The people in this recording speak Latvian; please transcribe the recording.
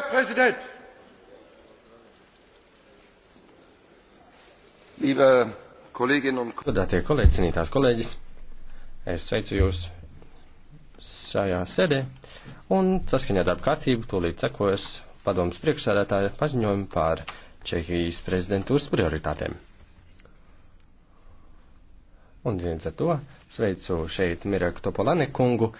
Herr Präsident! Godātie kolēģi, cienītās kolēģis, es sveicu jūs šajā sēdē un saskaņā darba kārtību tūlīt sekos padomus priekšsēdētāja paziņojumu par Čehijas prezidentūras prioritātēm. Un viens ar to sveicu šeit Mirak Topolane kungu.